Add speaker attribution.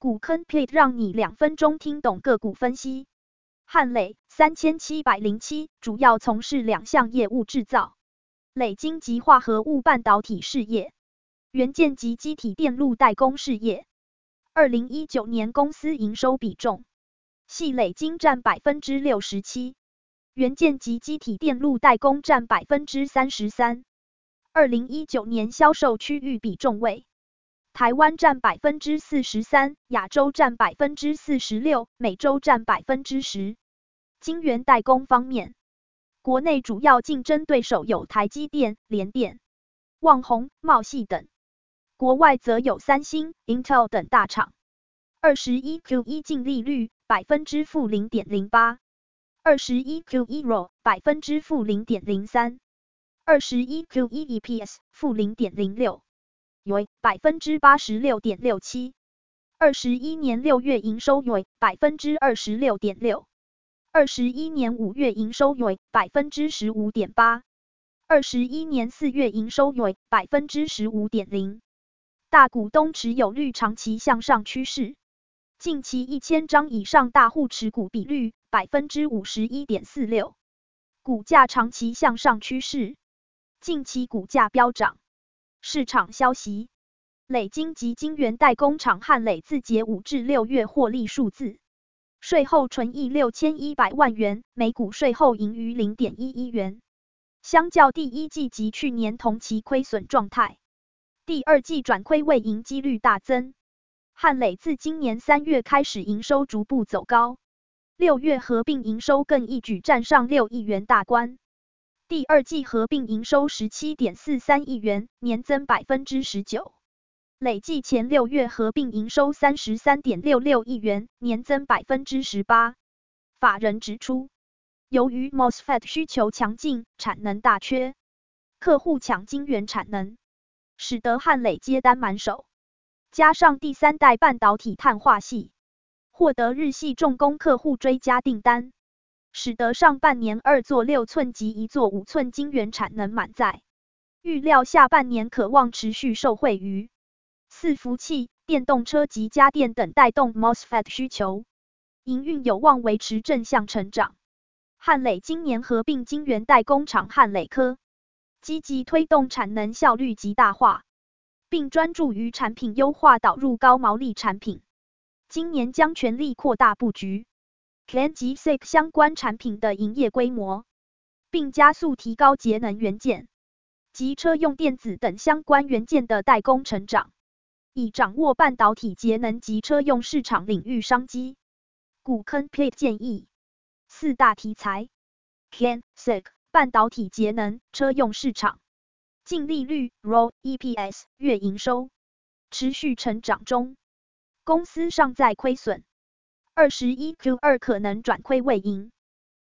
Speaker 1: 股坑 Pit 讓你兩分鐘聽懂個股分析。漢磊三千七百零七主要從事兩項業務：製造、磊晶及化合物半導體事業、元件及積體電路代工事業。二零一九年公司營收比重，系磊晶占百分之六十七，元件及積體電路代工占百分之三十三。二零一九年銷售區域比重為，台灣占百分之四十三，亞洲占百分之四十六，美洲占百分之十。晶圓代工方面，國內主要競爭對手有台積電、聯電、旺宏、茂矽等；國外則有三星、Intel 等大廠。二十一 Q 一淨利率百分之負零點零八，二十一 Q 一 ROE 百分之負零點零三，二十一 Q 一 EPS 負零點零六。為百分之八十六點六七，二十一年六月營收為百分之二十六點六，二十一年五月營收為百分之十五點八，二十一年四月營收為百分之十五點零。大股東持有率長期向上趨勢，近期一千張以上大戶持股比率百分之五十一點四六，股價長期向上趨勢，近期股價飆漲。市場消息：磊晶及晶圓代工廠漢磊自結五至六月獲利數字，稅後純益六千一百萬元，每股稅後盈餘零點一一元。相較第一季及去年同期虧損狀態，第二季轉虧為盈幾率大增。漢磊自今年三月開始營收逐步走高，六月合併營收更一舉站上六億元大關。第二季合併營收十七點四三億元，年增百分之十九；累計前六月合併營收三十三點六六億元，年增百分之十八。法人指出，由於 MOSFET 需求強勁，產能大缺，客戶搶晶圓產能，使得漢磊接單滿手，加上第三代半導體碳化矽獲得日系重工客戶追加訂單。使得上半年二座六寸及一座五寸晶圓產能滿載，預料下半年可望持續受惠於伺服器、電動車及家電等帶動 MOSFET 需求，營運有望維持正向成長。漢磊今年合併晶圓代工廠漢磊科，積極推動產能效率極大化，並專注於產品優化，導入高毛利產品。今年將全力擴大布局，GaN 及 SiC 相關產品的營業規模，並加速提高節能元件及車用電子等相關元件的代工成長，以掌握半導體節能及車用市場領域商機。股坑 Plate 建議四大題材：GaN SiC 半導體節能車用市場，淨利率、ROE、EPS、月營收持續成長中，公司尚在虧損。21Q2 可能轉虧為盈。